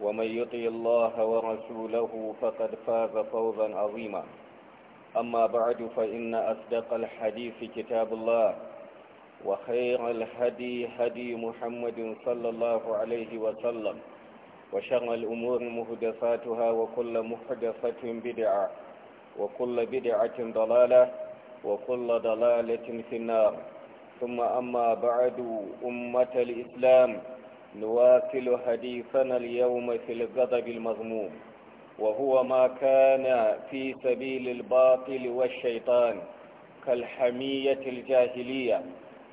ومن يطع الله ورسوله فقد فاز فوزا عظيما أما بعد فإن أصدق الحديث كتاب الله وخير الهدي هدي محمد صلى الله عليه وسلم وشر الأمور مهدفاتها وكل محدثة بدعة وكل بدعة ضلالة وكل ضلالة في النار ثم أما بعد أمة الإسلام نواصل حديثنا اليوم في الغضب المغموم وهو ما كان في سبيل الباطل والشيطان كالحمية الجاهلية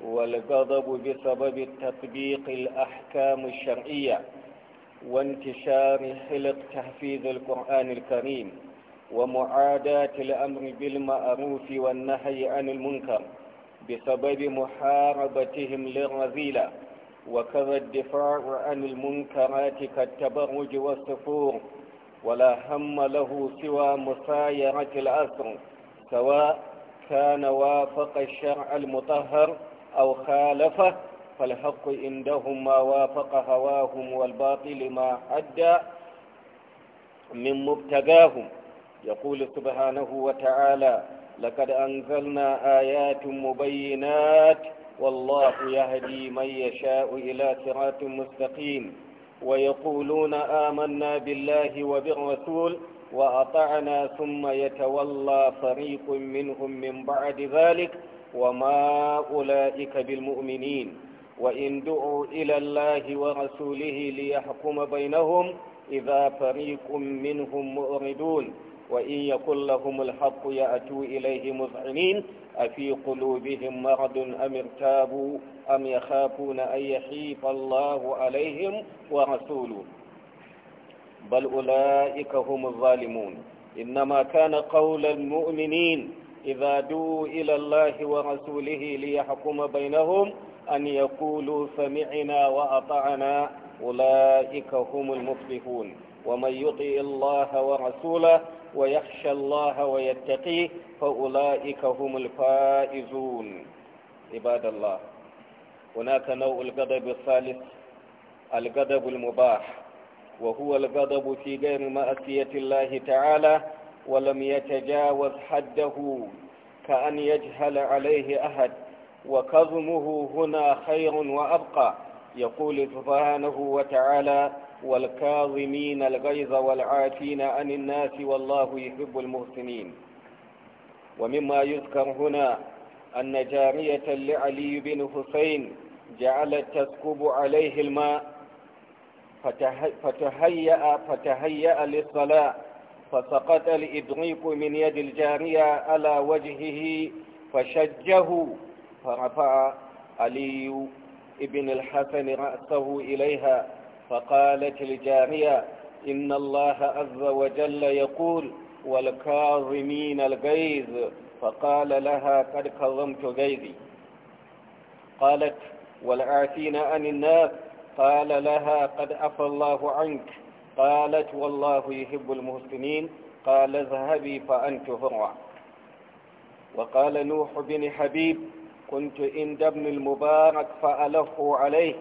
والغضب بسبب تطبيق الأحكام الشرعية وانتشار خلق تحفيظ القرآن الكريم ومعاداة الأمر بالمعروف والنهي عن المنكر بسبب محاربتهم للرذيله وكذا الدفاع عن المنكرات كالتبرج والسفور ولا هم له سوى مسايرة الأسر سواء كان وافق الشرع المطهر أو خالفه فالحق عندهم ما وافق هواهم والباطل ما حد من مبتداهم يقول سبحانه وتعالى لقد أنزلنا آيات مبينات والله يهدي من يشاء إلى صراط مستقيم ويقولون آمنا بالله وبالرسول وأطعنا ثم يتولى فريق منهم من بعد ذلك وما أولئك بالمؤمنين وإن دعوا إلى الله ورسوله ليحكم بينهم إذا فريق منهم مؤردون وإن يكن لهم الحق يأتوا إليه مذعنين أفي قلوبهم مرض أم ارتابوا أم يخافون أن يخيف الله عليهم ورسوله بل أولئك هم الظالمون إنما كان قول المؤمنين إذا دعوا إلى الله ورسوله ليحكم بينهم أن يقولوا سمعنا وأطعنا أولئك هم المفلحون ومن يطع الله ورسوله ويخشى الله ويتقيه فأولئك هم الفائزون عباد الله هناك نوع الغضب الثالث الغضب المباح وهو الغضب في غير مأسية الله تعالى ولم يتجاوز حده كأن يجهل عليه أحد وكظمه هنا خير وأبقى يقول سبحانه وتعالى والكاظمين الغيظ والعافين عن الناس والله يحب المحسنين ومما يذكر هنا أن جارية لعلي بن حسين جعلت تسكب عليه الماء فتهيأ, فتهيأ للصلاة فسقط الإبريق من يد الجارية على وجهه فشجه فرفع علي ابن الحسن رأسه إليها فقالت الجارية إن الله عز وجل يقول والكاظمين الغيظ فقال لها قد كظمت غيظي قالت والعافين عن الناس قال لها قد عفى الله عنك قالت والله يحب المحسنين قال اذهبي فأنت هرع وقال نوح بن حبيب كنت عند ابن المبارك فألفوا عليه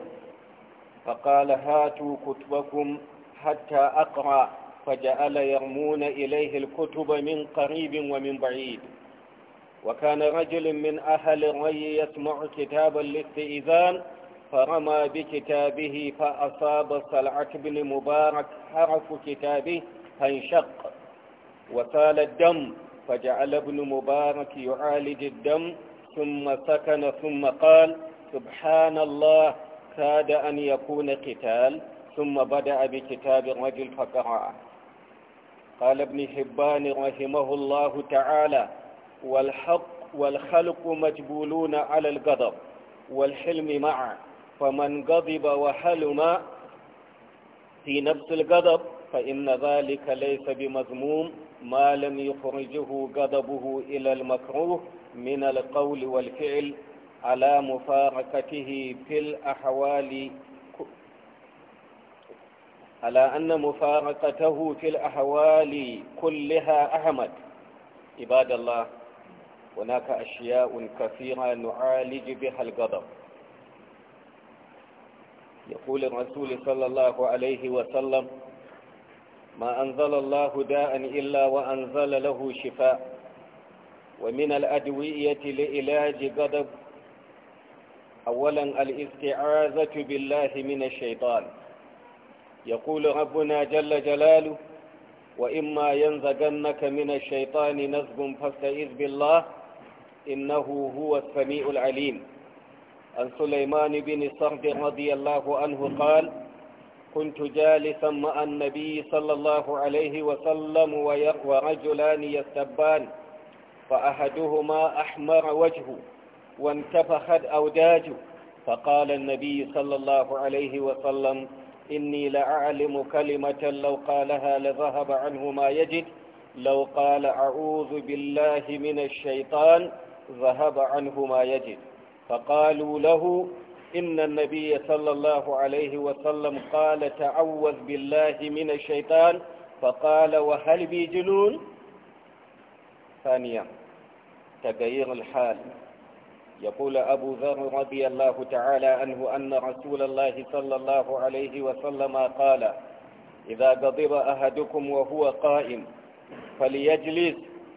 فقال هاتوا كتبكم حتى أقرأ فجعل يرمون إليه الكتب من قريب ومن بعيد وكان رجل من أهل الري يسمع كتابا الاستئذان فرمى بكتابه فأصاب صلعة بن مبارك حرف كتابه فانشق وسال الدم فجعل ابن مبارك يعالج الدم ثم سكن ثم قال سبحان الله كاد أن يكون قتال ثم بدأ بكتاب الرجل فقرأه قال ابن حبان رحمه الله تعالى والحق والخلق مجبولون على الغضب والحلم معه فمن غضب وحلم في نفس الغضب فإن ذلك ليس بمذموم ما لم يخرجه غضبه إلى المكروه من القول والفعل على مفارقته في الأحوال على أن مفارقته في الأحوال كلها أحمد عباد الله هناك أشياء كثيرة نعالج بها القدر يقول الرسول صلى الله عليه وسلم ما أنزل الله داء إلا وأنزل له شفاء ومن الأدوية لإلاج غضب أولا الاستعاذة بالله من الشيطان يقول ربنا جل جلاله وإما ينزغنك من الشيطان نزغ فاستعذ بالله إنه هو السميع العليم عن سليمان بن صرد رضي الله عنه قال كنت جالسا مع النبي صلى الله عليه وسلم ورجلان يستبان فأحدهما أحمر وجهه وانتفخت أوداجه فقال النبي صلى الله عليه وسلم إني لأعلم كلمة لو قالها لذهب عنه ما يجد لو قال أعوذ بالله من الشيطان ذهب عنه ما يجد فقالوا له إن النبي صلى الله عليه وسلم قال تعوذ بالله من الشيطان فقال وهل بي جنون ثانيا تغيير الحال يقول أبو ذر رضي الله تعالى عنه أن رسول الله صلى الله عليه وسلم قال إذا غضب أحدكم وهو قائم فليجلس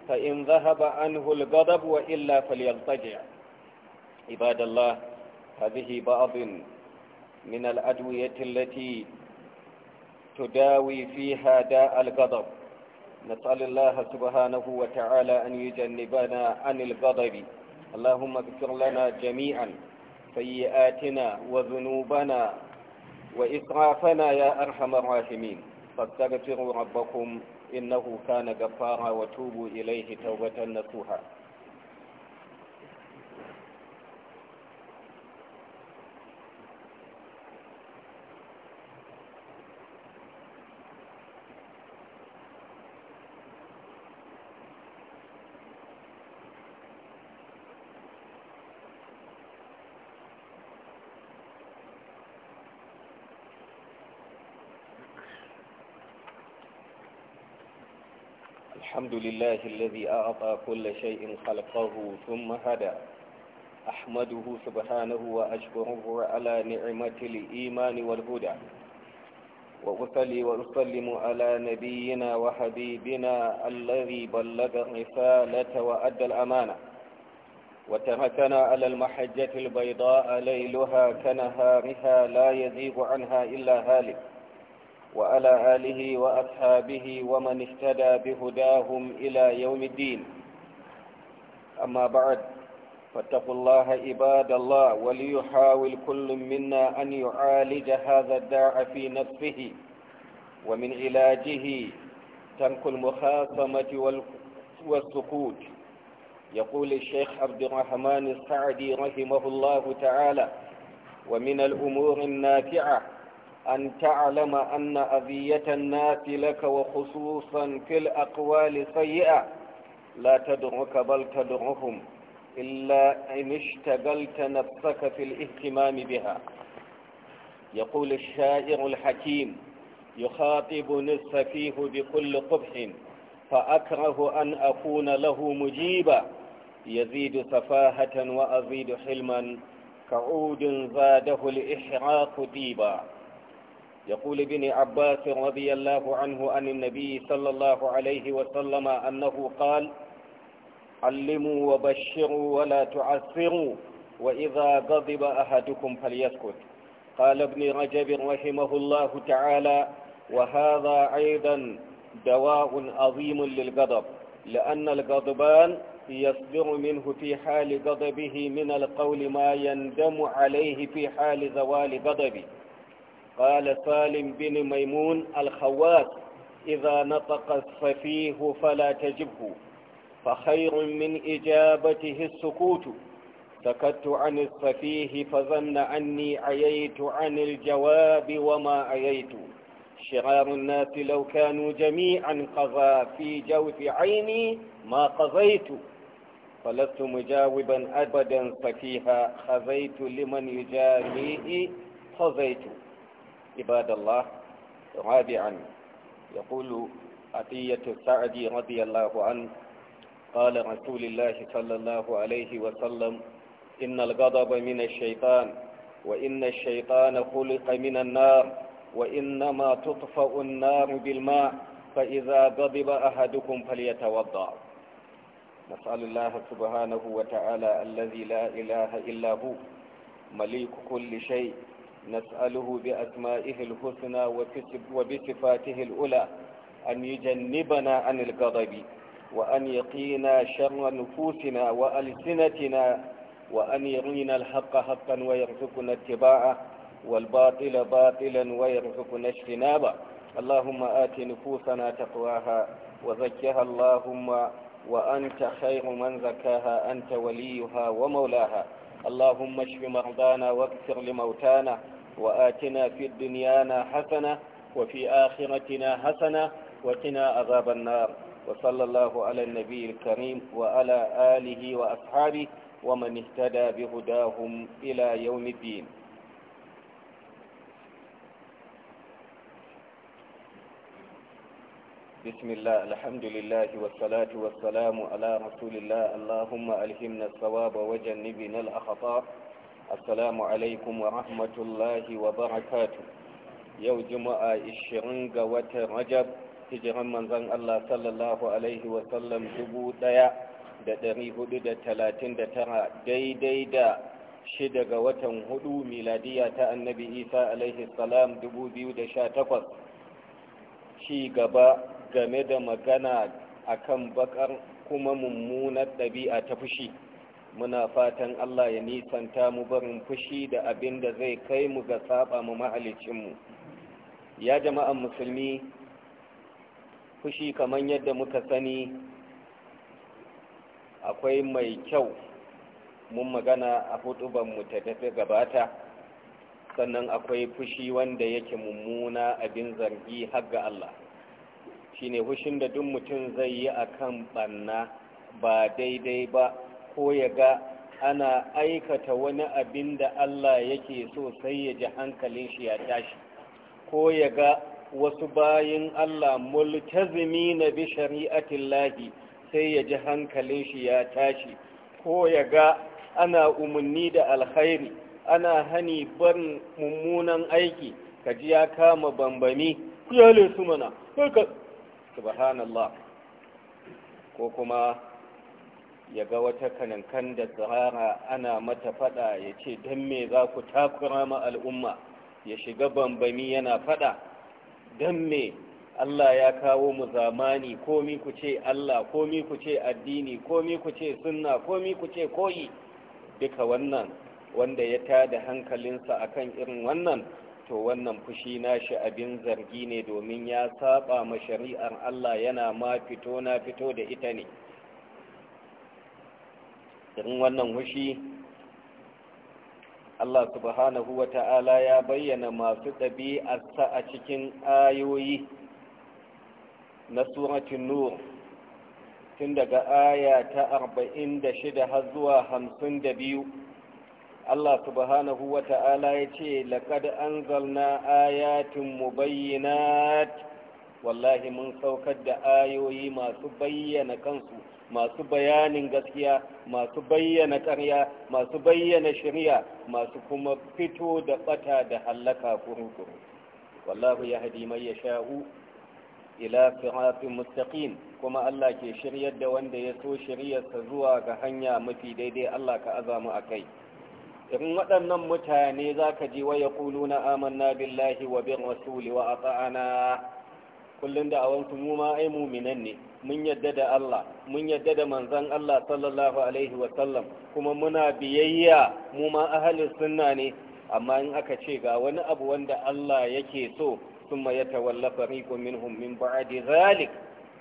فإن ذهب عنه الغضب وإلا فليضطجع عباد الله هذه بعض من الأدوية التي تداوي فيها داء الغضب نسأل الله سبحانه وتعالى أن يجنبنا عن الغضب اللهم اغفر لنا جميعا سيئاتنا وذنوبنا وإسرافنا يا أرحم الراحمين فاستغفروا ربكم إنه كان غفارا وتوبوا إليه توبة نصوحا الحمد لله الذي أعطى كل شيء خلقه ثم هدى أحمده سبحانه وأشكره على نعمة الإيمان والهدى وأصلي وأسلم على نبينا وحبيبنا الذي بلغ الرسالة وأدى الأمانة وتركنا على المحجة البيضاء ليلها كنهارها لا يزيغ عنها إلا هالك وعلى آله وأصحابه ومن اهتدى بهداهم إلى يوم الدين أما بعد فاتقوا الله عباد الله وليحاول كل منا أن يعالج هذا الداع في نفسه ومن علاجه ترك المخاصمة والسكوت يقول الشيخ عبد الرحمن السعدي رحمه الله تعالى ومن الأمور النافعة أن تعلم أن أذية الناس لك وخصوصا في الأقوال سيئة لا تدعك بل تدعهم إلا إن اشتغلت نفسك في الاهتمام بها يقول الشاعر الحكيم يخاطبني السفيه بكل قبح فأكره أن أكون له مجيبا يزيد سفاهة وأزيد حلما كعود زاده الإحراق ديبا يقول ابن عباس رضي الله عنه عن النبي صلى الله عليه وسلم أنه قال علموا وبشروا ولا تعسروا وإذا غضب أحدكم فليسكت قال ابن رجب رحمه الله تعالى وهذا أيضا دواء عظيم للغضب لأن الغضبان يصدر منه في حال غضبه من القول ما يندم عليه في حال زوال غضبه قال سالم بن ميمون الخواس إذا نطق السفيه فلا تجبه فخير من إجابته السكوت سكت عن السفيه فظن أني عييت عن الجواب وما عييت شرار الناس لو كانوا جميعا قضى في جوف عيني ما قضيت فلست مجاوبا أبدا سفيها خذيت لمن يجاريه صزيت عباد الله رابعا يقول عطية السعدي رضي الله عنه قال رسول الله صلى الله عليه وسلم إن الغضب من الشيطان وإن الشيطان خلق من النار وإنما تطفأ النار بالماء فإذا غضب أحدكم فليتوضأ نسأل الله سبحانه وتعالى الذي لا إله إلا هو مليك كل شيء نسأله بأسمائه الحسنى وبصفاته الأولى أن يجنبنا عن الغضب وأن يقينا شر نفوسنا وألسنتنا وأن يرينا الحق حقا ويرزقنا اتباعه والباطل باطلا ويرزقنا اجتنابه اللهم آت نفوسنا تقواها وزكها اللهم وأنت خير من زكاها أنت وليها ومولاها اللهم اشف مرضانا واكثر لموتانا وآتنا في الدنيانا حسنة وفي آخرتنا حسنة وقنا عذاب النار وصلى الله على النبي الكريم وعلى آله وأصحابه ومن اهتدى بهداهم إلى يوم الدين بسم الله الحمد لله والصلاة والسلام على رسول الله اللهم ألهمنا الصواب وجنبنا الأخطاء السلام عليكم ورحمة الله وبركاته يوم جمعة الشرين قوات رجب هجر من زن الله صلى الله عليه وسلم دبو ديا da ɗari hudu da talatin da tara daidai da shida ga watan hudu miladiya ta annabi isa alaihi dubu biyu da sha takwas ci gaba game da magana akan baƙar kuma mummunar ɗabi'a ta fushi muna fatan Allah ya nisanta mu barin fushi da abin da zai kai mu ga saba mu mahalicinmu ya jama'an musulmi fushi kamar yadda muka sani akwai mai kyau mun magana a hutubanmu ta tafi gabata sannan akwai fushi wanda yake mummuna abin zargi har ga Allah shine fushin da duk mutum zai yi akan ɓanna, ba daidai ba ko ya ga ana aikata wani abin da Allah yake so sai ya ji hankalin shi ya tashi ko ya ga wasu bayin Allah multazimi na bi shari'atin lahi sai ya ji hankalin shi ya tashi ko ya ga ana umarni da alkhairi ana hani barin mummunan aiki kaji ya kama bambami ya mana subhanallah ko kuma ya ga wata kanankan da tsara ana mata fada ya ce don me za ku takura ma al'umma ya shiga bambami yana fada don me Allah ya kawo mu zamani komi ku ce Allah komi ku ce addini komi ku ce sunna komi ku ce koyi duka wannan wanda ya tada hankalinsa akan irin wannan to wannan fushi nashi abin zargi ne domin ya saba ma shari'ar Allah yana ma fito na fito da ita ne irin wannan hushi Allah subhanahu wa ta'ala ya bayyana masu ɗabi'arsa a cikin ayoyi na suratun nur tun daga aya ta arba'in da har zuwa hamsin da Allah subhanahu wa ta'ala ya ce laƙad an zalna ayatin mu bayyana wallahi mun saukar da ayoyi masu bayyana kansu masu bayanin gaskiya masu bayyana ƙarya masu bayyana shirya, masu kuma fito da bata da hallaka kuru-kuru wallahu ya hadi mai ya sha'u ila firafin mustaqim kuma Allah ke shiryar da wanda ya so shiryarsa zuwa ga hanya mafi daidai Allah ka azamu a kai irin waɗannan mutane za ka ji wa Kulu na amanna billahi wa bin rasuli wa a kullum da awantu mu ma ai muminan ne mun yadda da Allah mun yadda da manzon Allah sallallahu alaihi wa sallam kuma muna biyayya mu ma ahalin sunna ne amma in aka ce ga wani abu wanda Allah yake so ثم يتولى فريق منهم من بعد ذلك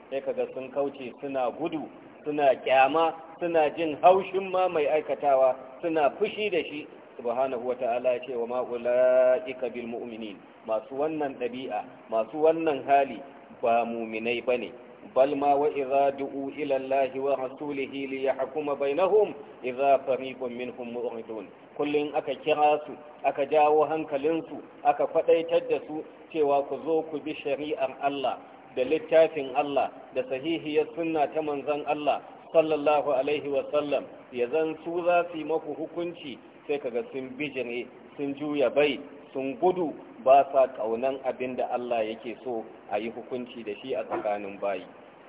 sai kaga sun kauce suna gudu suna kyama suna jin haushin ma mai aikatawa suna fushi da shi subhanahu wata'ala ya ce wa ma ulaika bil mu'minin masu wannan ɗabi'a masu wannan hali ba muminai ba ne bal ma wa idza du'u ila allahi wa rasulihi li yahkuma bainahum idza fariqun minhum mu'ridun kullun aka kira su aka jawo hankalinsu aka kwadaitar da su cewa ku zo ku bi shari'ar Allah da littafin Allah da sahihiyar sunna ta manzon Allah sallallahu alaihi wa sallam ya zan su za su yi maku hukunci sai kaga sun bijire sun juya bai sun gudu ba sa kaunan abin da Allah yake so a yi hukunci da shi a tsakanin bayi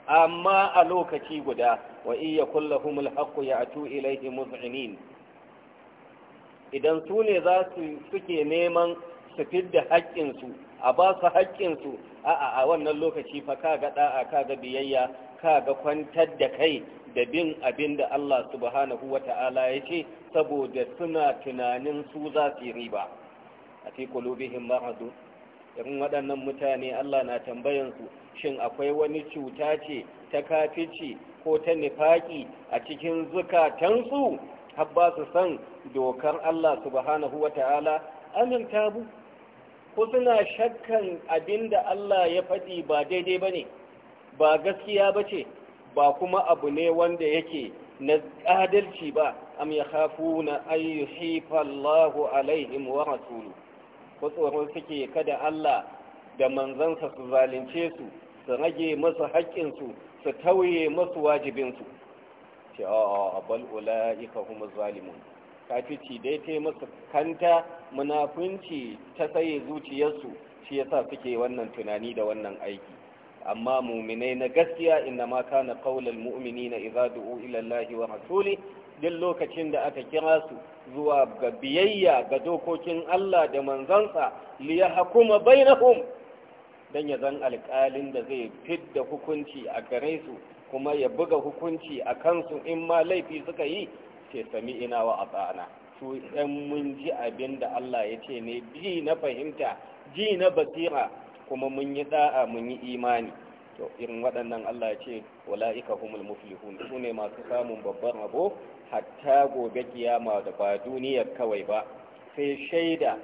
amma a lokaci guda wa iya kullahumul haqqu ya'tu ilayhi muz'inin idan su ne za su suke neman su fidda haƙƙinsu a ba su haƙƙinsu a a wannan lokaci fa ka ga da'a ka ga biyayya ka ga kwantar da kai da bin abin da Allah subhanahu wata'ala ya ce saboda suna tunanin su za su yi riba a fi qulubihim maradu irin waɗannan mutane Allah na tambayansu shin akwai wani cuta ce ta kafici ko ta nifaki a cikin zukatansu har ba su san dokar Allah subhanahu wa ta'ala aminta bu ko suna shakkan abinda Allah ya faɗi ba daidai ba ne ba gaskiya ba ce ba kuma abu ne wanda yake na adalci ba am ya hafu na ayyuhifa Allahu alaihim wa rasuluhu ko tsoro suke kada Allah da manzansa su zalunce su su rage masu haƙƙinsu su tauye masu wajibinsu ce a bal ka kuma zalimun ci dai ta masu kanta munafunci ta tsaye zuciyarsu shi yasa suke wannan tunani da wannan aiki amma muminai na gaskiya inna ma kana qaulal mu'minina idza du'u ila Allahi wa rasuli duk lokacin da aka kira su zuwa ga biyayya ga dokokin Allah da manzansa liya hakuma bainahum dan ya zan alƙalin da zai fidda hukunci a gare su kuma ya buga hukunci a kansu in ma laifi suka yi ce sami ina wa abana su ɗan mun ji abin Allah ya ce ne bi na fahimta ji na basira kuma mun yi da'a mun yi imani to irin waɗannan Allah ya ce wala'ika humul muflihun su ne masu samun babban rabo hatta gobe kiyama da ba duniyar kawai ba sai shaida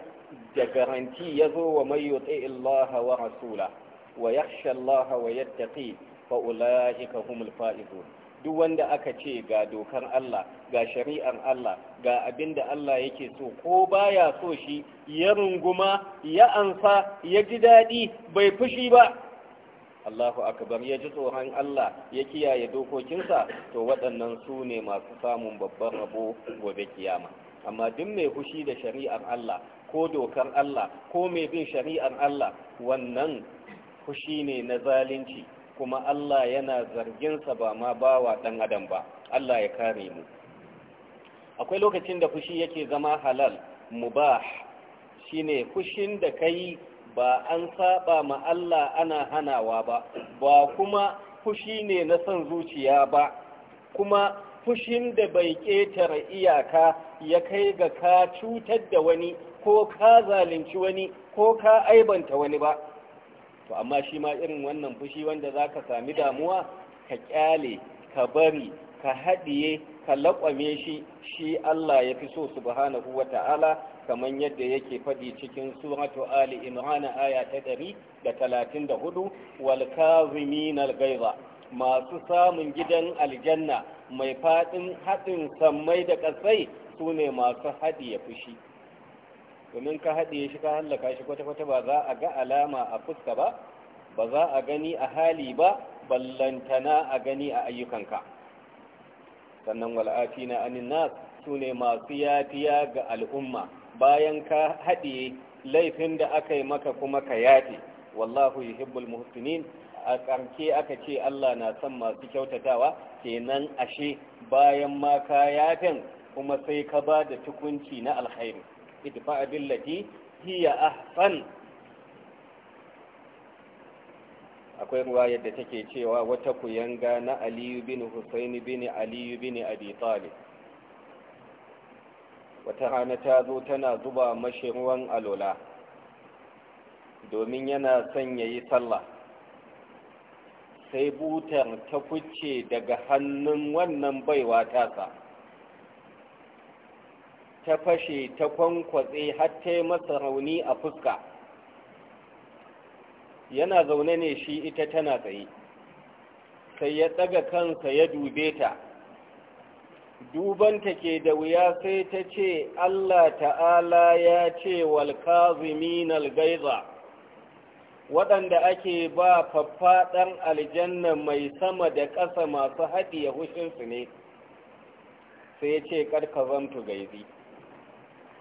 da garanti ya zo wa mai yuti Allah wa rasula wa yakhsha Allah wa yattaqi fa ulaika humul faizun duk wanda aka ce ga dokar Allah ga shari'ar Allah ga abinda Allah yake so ko baya so shi ya runguma ya ansa ya ji dadi bai fushi ba Allahu akbar ya ji tsoron Allah ya kiyaye dokokinsa to waɗannan su ne masu samun babban rabo gobe kiyama amma duk mai fushi da shari'ar Allah ko dokar Allah ko mai bin shari'ar Allah wannan fushi ne na zalunci kuma Allah yana zarginsa ba ma bawa ɗan adam ba Allah ya kare mu akwai lokacin da fushi yake zama halal mubah shine fushin da kai ba an saba ma Allah ana hanawa ba ba kuma fushi ne na son zuciya ba kuma fushin da bai ƙetare iyaka ya kai ga ka cutar da wani ko ka zalunci wani ko ka aibanta wani ba to amma shi ma irin wannan fushi wanda za ka sami damuwa ka ƙyale ka bari ka haɗiye ka laƙwame shi shi Allah ya fi so subhanahu wa ta'ala kamar yadda yake faɗi cikin suratu Ali Imran aya ta ɗari da talatin da hudu wal kazimin gaiza masu samun gidan aljanna mai faɗin haɗin sammai da ƙasai su ne masu fi fushi domin ka haɗiye shi ka hallaka shi kwata-kwata ba za a ga alama a fuska ba ba za a gani a hali ba ballantana a gani a ayyukanka sannan wal'afina anin nas su ne masu yafiya ga al'umma bayan ka haɗiye laifin da aka yi maka kuma ka yafe wallahu yuhibbul muhsinin a ƙarke aka ce Allah na son masu kyautatawa kenan ashe bayan ma ka kuma sai ka ba da tukunci na alkhairi idfa billati hiya ahsan akwai ruwayar da take cewa wata kuyanga na aliyu bin husaini bin aliyu bin abi talib wata rana ta zo tana zuba mashi ruwan alola domin yana son ya yi sallah sai butar ta kuce daga hannun wannan baiwa tasa ta fashe ta kwankwatse har ta yi masa rauni a fuska yana zaune ne shi ita tana tsaye sai ya tsaga kansa ya dube ta dubanta ke da wuya sai ta ce Allah ta'ala ya ce walkazimin algaiza waɗanda ake ba faffaɗan aljanna mai sama da ƙasa masu haɗiye hushinsu ne sai ce ƙarƙazantu gaizi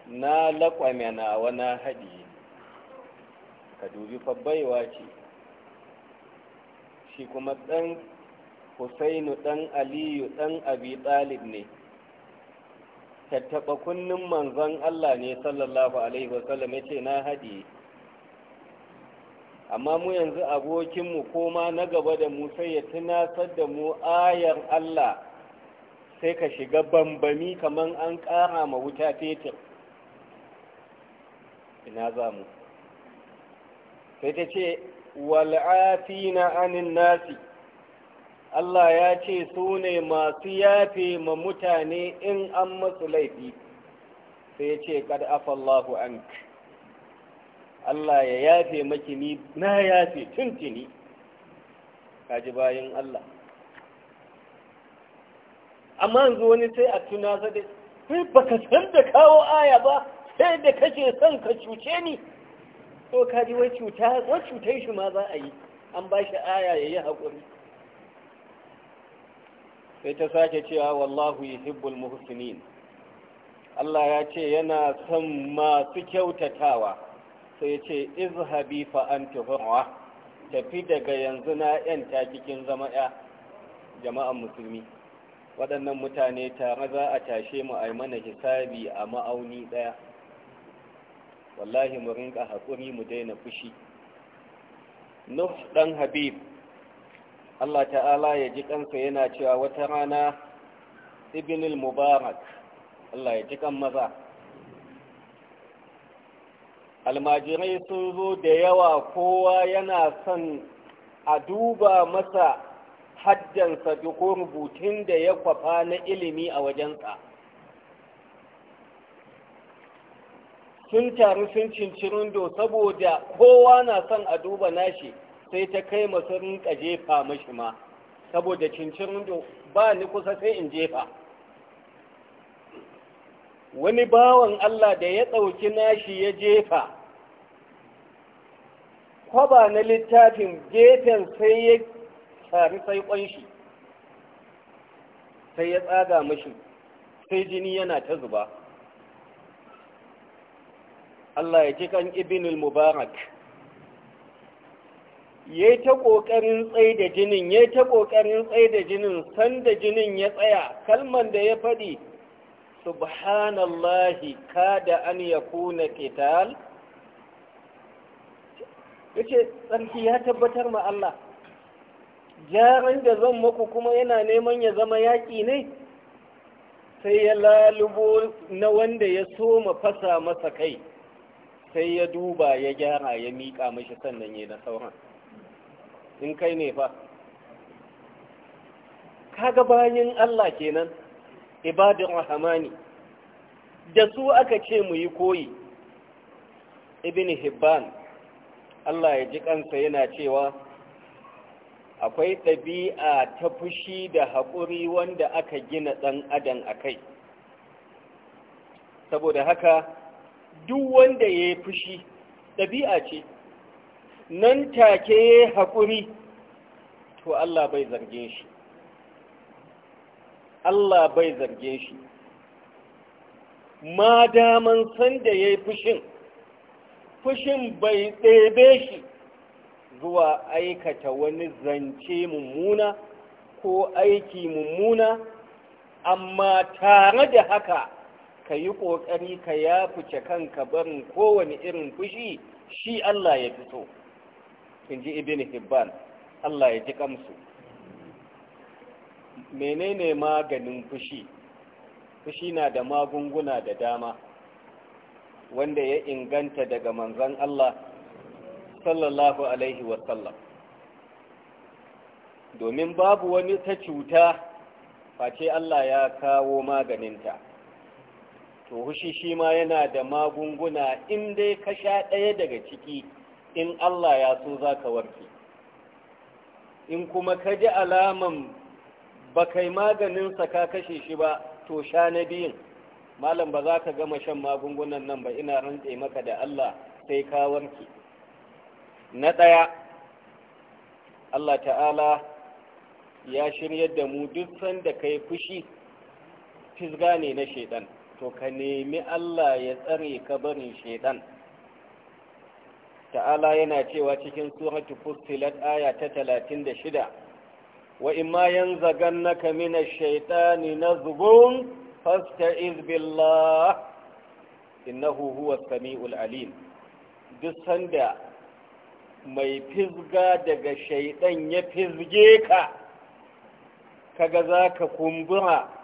na laƙwame na wani haɗiye ka dubi baiwa ce shi kuma ɗan husainu ɗan aliyu ɗan abi ɗalib ne tattaɓa kunnin manzon allah ne sallallahu alaihi wasallam ya ce na haɗiye amma mu yanzu abokinmu koma na gaba da mu sai ya tunasar da mu ayar Allah sai ka shiga bambami kamar an ƙara ma wuta fetur ina za mu sai ta ce wal'afi na anin nasi Allah ya ce su ne masu yafe ma mutane in an matsu laifi sai ce kad afallahu anki. Allah ya yafe makini na yafe tuntuni kaji bayan Allah amma yanzu wani sai a tuna sai ba san da kawo aya ba sai da kake son ka cuce ni ka kaji wai cuta wai cutai shi ma za a yi an ba shi aya ya yi haƙuri sai ta sake cewa wallahu yi hibbul muhsinin Allah ya ce yana son masu kyautatawa sai ce izhabi fa an hurwa tafi daga yanzu na yan takikin zama ya jama'an musulmi waɗannan mutane tare za a tashe mu a mana hisabi a ma'auni ɗaya wallahi mu rinka haƙuri mu daina fushi nuh ɗan habib Allah ta'ala ya ji kansa yana cewa wata rana ibnul mubarak Allah ya ji kan maza almajirai sun zo da yawa kowa yana son a duba masa haddansa duk rubutun da ya kwafa na ilimi a wajensa sun taru sun do saboda kowa na son a duba nashi sai ta kai masu rinka jefa mashi ma saboda do ba ni kusa sai in jefa wani bawan Allah da ya ɗauki nashi ya jefa kwaba na littafin gefen sai ya tari sai ƙwanshi sai ya tsaga mashi sai jini yana ta zuba Allah ya ji kan al mubarak yayi ta kokarin tsaye da jinin ya ta kokarin tsaye da jinin san da jinin ya tsaya kalman da ya faɗi subhanallahi kada an ya qital yace tsarki ya tabbatar ma Allah jaran da zan muku kuma yana neman ya zama yaki ne sai ya lalubo na wanda ya soma fasa masa kai sai ya duba ya gyara ya miƙa mashi sannan ya na sauran in kai ne fa kaga bayan Allah kenan ibadin rahamani da su aka ce mu yi koyi ibn hibban Allah ya ji kansa yana cewa akwai ɗabi'a ta fushi da haƙuri wanda aka gina ɗan adam a kai saboda haka duk wanda ya yi fushi ɗabi'a ce nan take ya haƙuri to Allah bai zargin shi Allah bai zargin shi ma daman san ya yi fushin fushin bai ɗebe shi zuwa aikata wani zance mummuna ko aiki mummuna amma tare da haka ka yi ƙoƙari ka ya fice kanka barin kowane irin fushi shi Allah ya fi in ji ibini hibban Allah ya ji kamsu menene maganin fushi fushi na da magunguna da dama wanda ya inganta daga manzan Allah sallallahu alaihi wasallam domin babu wani ta cuta face Allah ya kawo maganinta to hushi shi ma yana da magunguna in dai ka sha ɗaya daga ciki in Allah ya so za ka warke in kuma ka ji alaman ba kai maganinsa ka kashe shi ba to sha na biyun malam ba za ka gama shan magungunan nan ba ina rantse maka da Allah sai ka warke na ɗaya Allah ta'ala ya shiryar da mu duk sanda kai fushi fisga ne na shaidan to ka nemi Allah ya tsare ka barin shaidan ta'ala yana cewa cikin suratu fussilat aya ta 36 wa imma yanzagannaka minash shaitani nazghun fasta'iz billah innahu huwas samiul alim duk sanda mai fizga daga shaidan ya fizge ka kaga zaka kumbura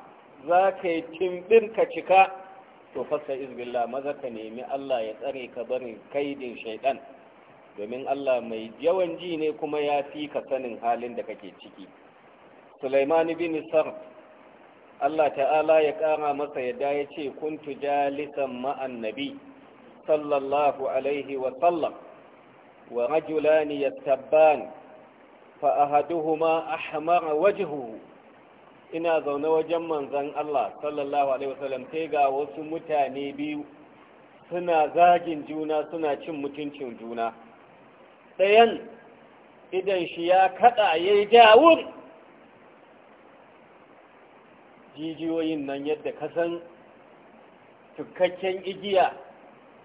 za ka yi timbin ka cika to fasta izbillah maza ka nemi Allah ya tsare ka barin kaidin shaidan domin Allah mai yawan ji ne kuma ya fi ka sanin halin da kake ciki Sulaiman bin Sar Allah ta'ala ya kara masa yadda ya ce kuntu jalisan ma'an nabi sallallahu alaihi wa sallam wa rajulani yastabban fa ahaduhuma ahmara wajhuhu ina zaune wajen manzan Allah sallallahu alaihi wasallam sai ga wasu mutane biyu suna zagin juna suna cin mutuncin juna ɗayan idan shi ya kaɗa ya yi dawur jijiyoyin nan yadda kasan tukakken igiya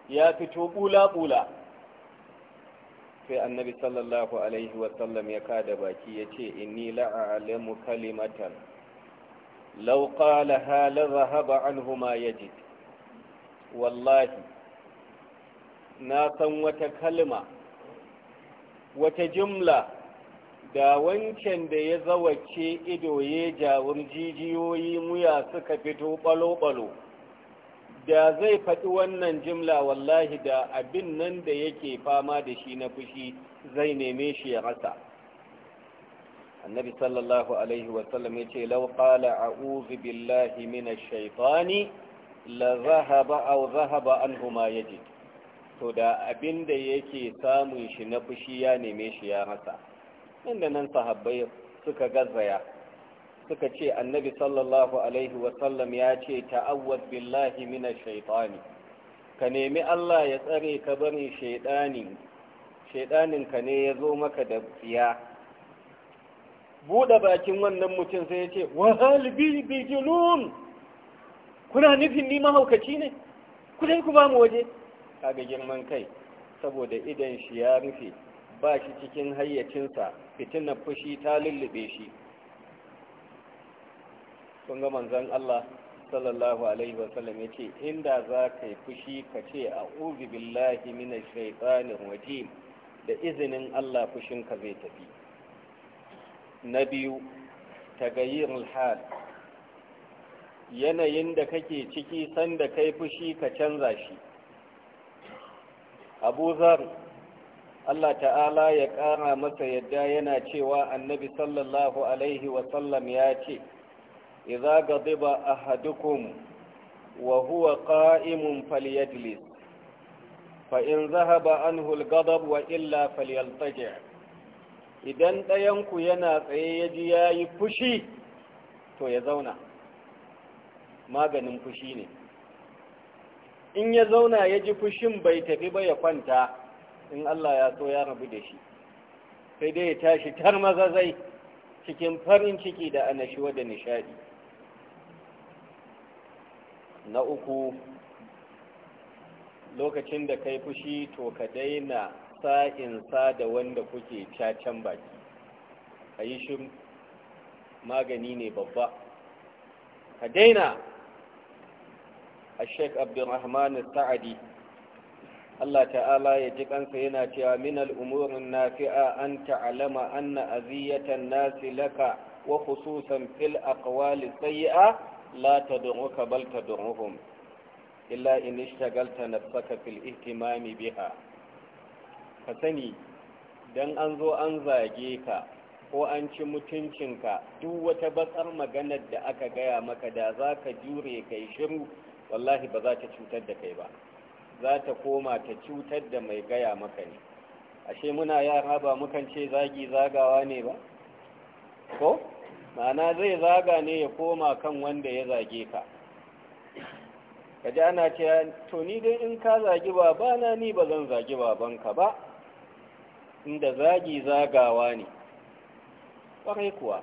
ya fito bula-bula sai annabi sallallahu alaihi wasallam ya kada baki ya ce inni la'alamu kalimatan لو قالها لذهب عنه ما يجد والله ناسا وتكلمة وتجملة da wancan da ya zawace ido ya jawar jijiyoyi muya suka fito balo-balo da zai faɗi wannan jimla wallahi da abin nan da yake fama da shi na fushi zai neme shi ya rasa annabi sallallahu alaihi wasallam ya ce lau qala a'udhu billahi minash shaitani la zahaba aw zahaba anhu ma yajid to da abinda yake samun shi na fushi ya neme shi ya rasa inda nan sahabbai suka gazzaya suka ce annabi sallallahu alaihi wasallam ya ce ta'awwad billahi minash shaitani ka nemi Allah ya tsare ka barin shaidanin ka ne ya zo maka da tsiya buɗe bakin wannan mutum sai ya ce wa halibi bijinun kuna nufin ni mahaukaci ne ku dai ku ba mu waje kaga girman kai saboda idan shi ya rufe ba shi cikin hayyacinsa fitina fushi ta lullube shi kun ga manzon Allah sallallahu alaihi wasallam ya ce inda za ka yi fushi ka ce a uzu billahi mina shaitanin wajim da izinin Allah fushinka zai tafi na biyu tagayyar hal yanayin da kake ciki sanda kai fushi ka canza shi abu zar Allah ta'ala ya ƙara masa yadda yana cewa annabi sallallahu alaihi wasallam ya ce iza gadiba ahadukum wa huwa qa'imun falyajlis fa in zahaba anhu al-ghadab wa illa falyaltaji' idan ɗayanku yana tsaye ya ji ya yi fushi to ya zauna maganin fushi ne in ya zauna ya ji fushin bai tafi ba ya kwanta in Allah ya so ya rabu da shi sai dai ya tashi tar mazazai cikin farin ciki da annashuwa da nishadi na uku lokacin da kai fushi to ka daina sa'insa da wanda kuke cacan baki a yi shi magani ne babba ka daina a sheik abdurrahman sa'adi Allah ta'ala ya ji kansa yana cewa min al'umurin nafi'a an ta'alama anna aziyatan nasi laka wa khususan fil aqwali sayyi'a la tad'uka bal tad'uhum illa in ishtagalta nafsaka fil ihtimami biha ka sani don an zo an zage ka ko an ci mutuncin ka duk wata batsar maganar da aka gaya maka da za ka jure kai shiru wallahi ba za ta cutar da kai ba za ta koma ta cutar da mai gaya maka ne ashe muna yara ba mukan ce zagi zagawa ne ba ko ma'ana zai zaga ne ya koma kan wanda ya zage ka kaje ana ce to ni dai in ka zagi na ni ba zan zagi babanka ba inda zagi zagawa ne ƙwarai kuwa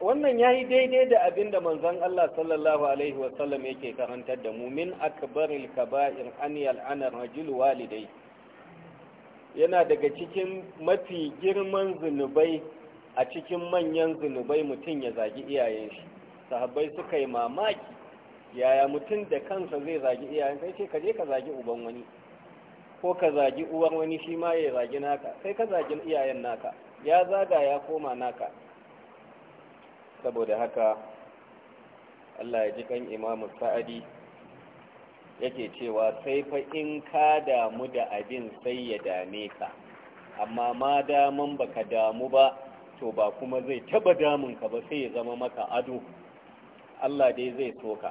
wannan ya yi daidai da abin da manzon Allah sallallahu Alaihi wasallam yake karantar da mumin akabarin kaba'in an al'anar rajul walidai yana daga cikin mafi girman zunubai a cikin manyan zunubai mutum ya zagi iyayen shi sahabbai suka yi mamaki yaya mutum da kansa zai zagi iyayen sai ce ka je ka zagi uban wani ko ka zagi uwar wani shi ma ya zagi naka kai ka zagi iyayen naka ya zaga ya koma naka saboda haka Allah ya ji kan imamu sa'adi yake cewa sai fa in ka damu da abin sai ya dame ka amma ma daman baka damu ba to ba kuma zai taba damun ka ba sai ya zama maka ado Allah dai zai soka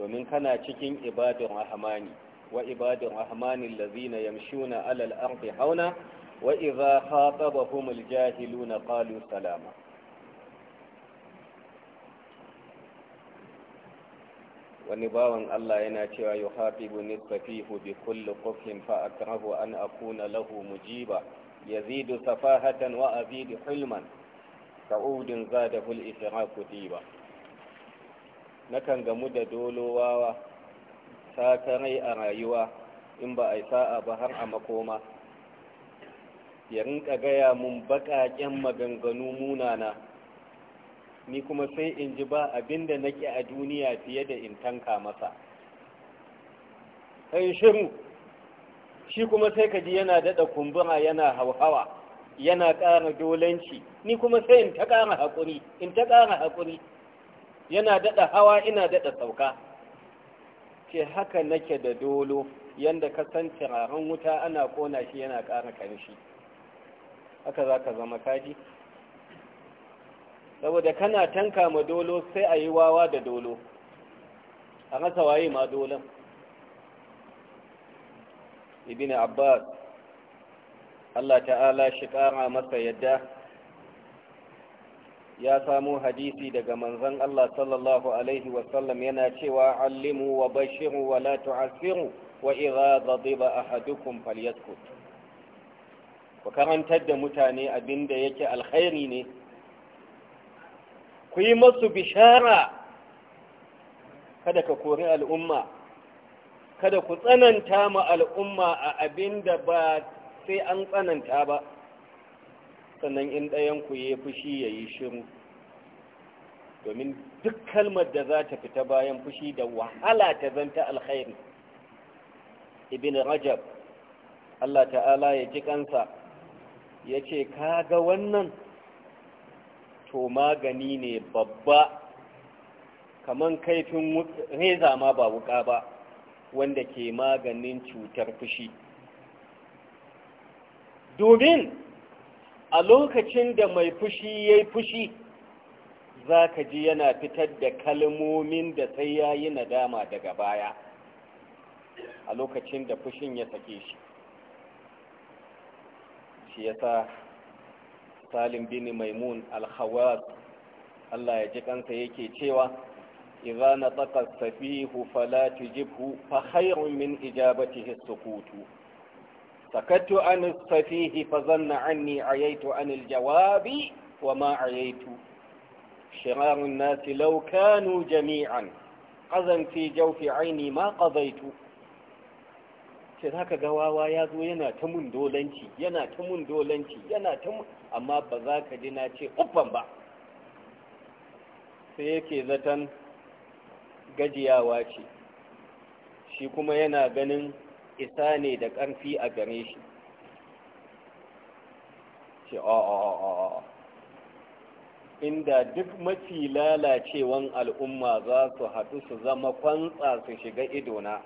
domin kana cikin ibadar rahmani وعباد الرحمن الذين يمشون على الأرض حونا وإذا خاطبهم الجاهلون قالوا سلاما wani bawan Allah yana cewa yi haɗibu nisafihu bi kulli kufin fa'akrahu an akuna lahu mujiba yazidu safahatan wa azidu hulman sa'udin zadahul israku diba nakan gamu da dolowawa sakarai a rayuwa in ba a yi sa'a ba har a makoma ya rinka gaya mun baƙaƙen maganganu munana ni kuma sai in ji ba abin da nake a duniya fiye da in tanka masa sai shiru shi kuma sai ka ji yana daɗa kumbura yana hauhawa yana ƙara dolanci ni kuma sai in ta ƙara haƙuri in ta ƙara haƙuri yana daɗa hawa ina daɗa sauka ce haka nake da dolo yanda ka san wuta ana kona shi yana ƙara kanshi haka za ka zama kaji saboda kana tanka ma dolo sai a yi wawa da dolo a rasa waye ma dolon ibn abbas Allah ta'ala shi ƙara masa yadda ya samo hadisi daga manzon Allah sallallahu alaihi wasallam yana cewa allimu wa bashiru wa la tu'assiru wa idha ghadiba ahadukum falyaskut ku karantar da mutane abinda yake alkhairi ne ku yi masu bishara kada ka kori al'umma kada ku tsananta ma al'umma a abinda ba sai an tsananta ba sannan in ɗayanku ya fushi ya yi shiru domin duk kalmar da za ta fita bayan fushi da wahala ta zanta alkhairi ibn rajab Allah ta'ala ya ji kansa ya ce kaga wannan to magani ne babba kaman kaifin reza ma ba wuka ba wanda ke maganin cutar fushi domin a lokacin da mai fushi ya yi fushi za ka ji yana fitar da kalmomin da sai ya yi nadama daga baya a lokacin da fushin ya sake shi shi ya sa salim bin maimun alhawar allah ya ji kansa yake cewa iza na tsakar safihu Falatu, jifu fa hairun min ijabatihi sukutu سكت عن السفيه فظن عني عييت عن الجواب وما عييت شرار الناس لو كانوا جميعا قضا في جوف عيني ما قضيت ce gawawa ya zo yana ta mun dolanci yana ta mun dolanci yana ta mun amma ba za ka ji na ce uffan ba sai yake zaton gajiyawa ce shi kuma yana ganin isa ne da ƙarfi a gare shi ce a inda duk mafi lalacewan al'umma za su haɗu su zama kwantsa su shiga idona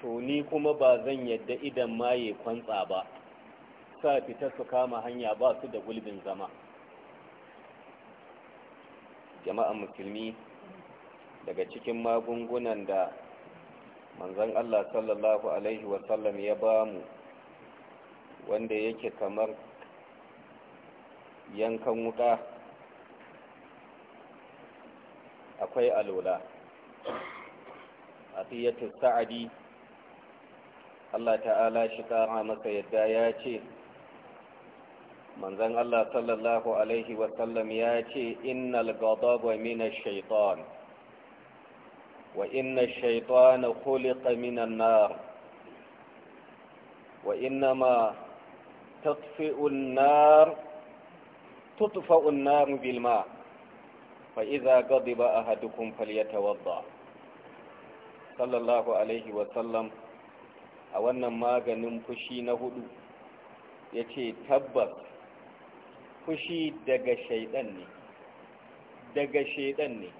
to ni kuma ba zan yadda idan maye kwantsa ba sa fita su kama hanya ba su da gulbin zama jama'an musulmi daga cikin magungunan da manzon Allah sallallahu alaihi wasallam ya ba mu wanda yake kamar yankan wuka akwai alola a fiyatar sa'adi Allah ta'ala shi ƙara masa yadda ya ce manzan Allah sallallahu Alaihi wasallam ya ce innal gadaba mina shaitan وإن الشيطان خلق من النار وإنما تطفئ النار تطفئ النار بالماء فإذا غضب أحدكم فليتوضأ صلى الله عليه وسلم a wannan maganin fushi na hudu ya ce tabbas fushi daga shaidan ne daga shaidan ne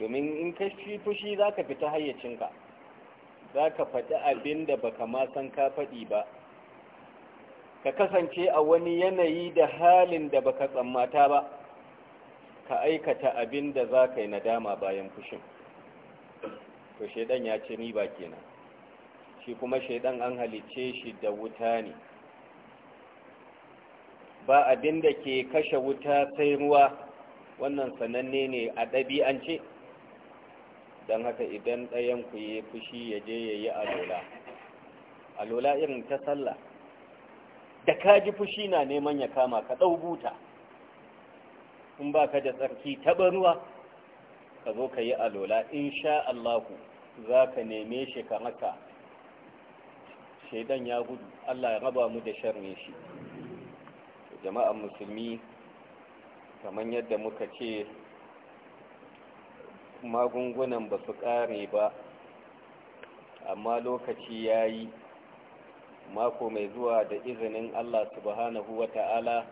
domin in ka shi fushi za ka fita hayyacinka za ka faɗi abin da baka ma san ka faɗi ba ka kasance a wani yanayi da halin da baka tsammata ba ka aikata abin da za ka yi nadama bayan fushin to shaidan ya ce riba kenan shi kuma shaidan an halice shi da wuta ne ba abin da ke kashe wuta sai ruwa wannan sananne ne a ɗabi'ance don haka idan ɗayan ku yi fushi ya je ya yi alola alola irin ta sallah da ka ji fushi na neman ya kama ka ɗau buta in ba ka da tsarki taɓa ruwa ka zo ka yi alola in sha Allahu za ka neme shi ka haka shaidan ya gudu Allah ya raba mu da sharrin shi jama'an musulmi kamar yadda muka ce magungunan ba su kare ba amma lokaci ya yi mako mai zuwa da izinin allah subhanahu wa ta'ala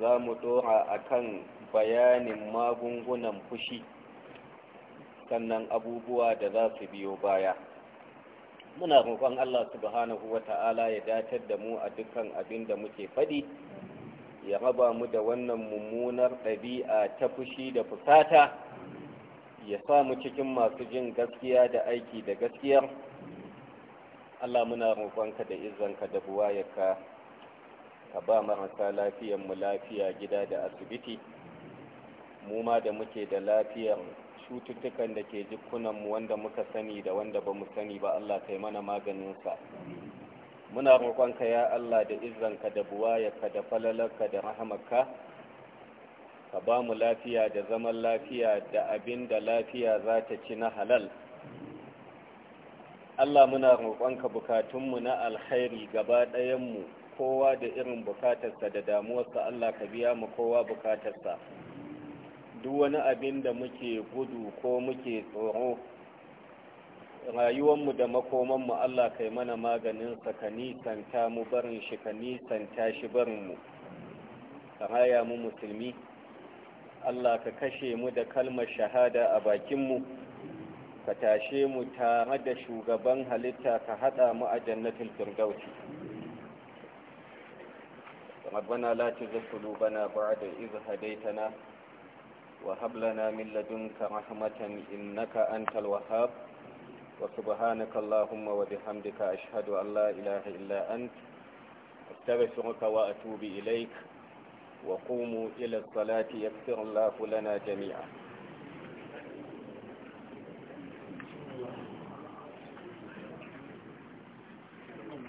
za mu ɗora a kan bayanin magungunan fushi sannan abubuwa da za su biyo baya muna roƙon allah subhanahu wa ta'ala ya datar da mu a dukkan abin da muke faɗi ya raba mu da wannan mummunar ɗabi'a ta fushi da fusata ya sa mu cikin masu jin gaskiya da aiki da gaskiyar Allah muna roƙonka da izanka da buwayarka ka ba marasa mu lafiya gida da asibiti mu ma da muke da lafiyar cututtukan da ke jikunan mu wanda muka sani da wanda ba mu sani ba Allah kai mana maganinsa muna roƙonka ya Allah da izanka da buwayarka da falalarka da rahamarka ka ba mu lafiya da zaman lafiya da abin da lafiya za ta ci na halal Allah muna roƙonka bukatunmu na alkhairi gaba ɗayanmu kowa da irin bukatarsa da damuwarsa Allah ka biya mu kowa bukatarsa duk wani abin da muke gudu ko muke tsoro rayuwanmu da makomanmu Allah kai mana maganinsa ka nisanta mu barin shi ka nisanta shi barinmu ka haya mu musulmi Allah ka kashe mu da kalmar shahada a bakinmu ka tashe mu tare da shugaban halitta ka haɗa mu a jannatin firdausi ربنا لا تزغ قلوبنا بعد إذ هديتنا وهب لنا من لدنك رحمة إنك أنت الوهاب وسبحانك اللهم وبحمدك أشهد أن لا إله إلا أنت أستغفرك وأتوب إليك وقوموا إلى الصلاة يغفر الله لنا جميعا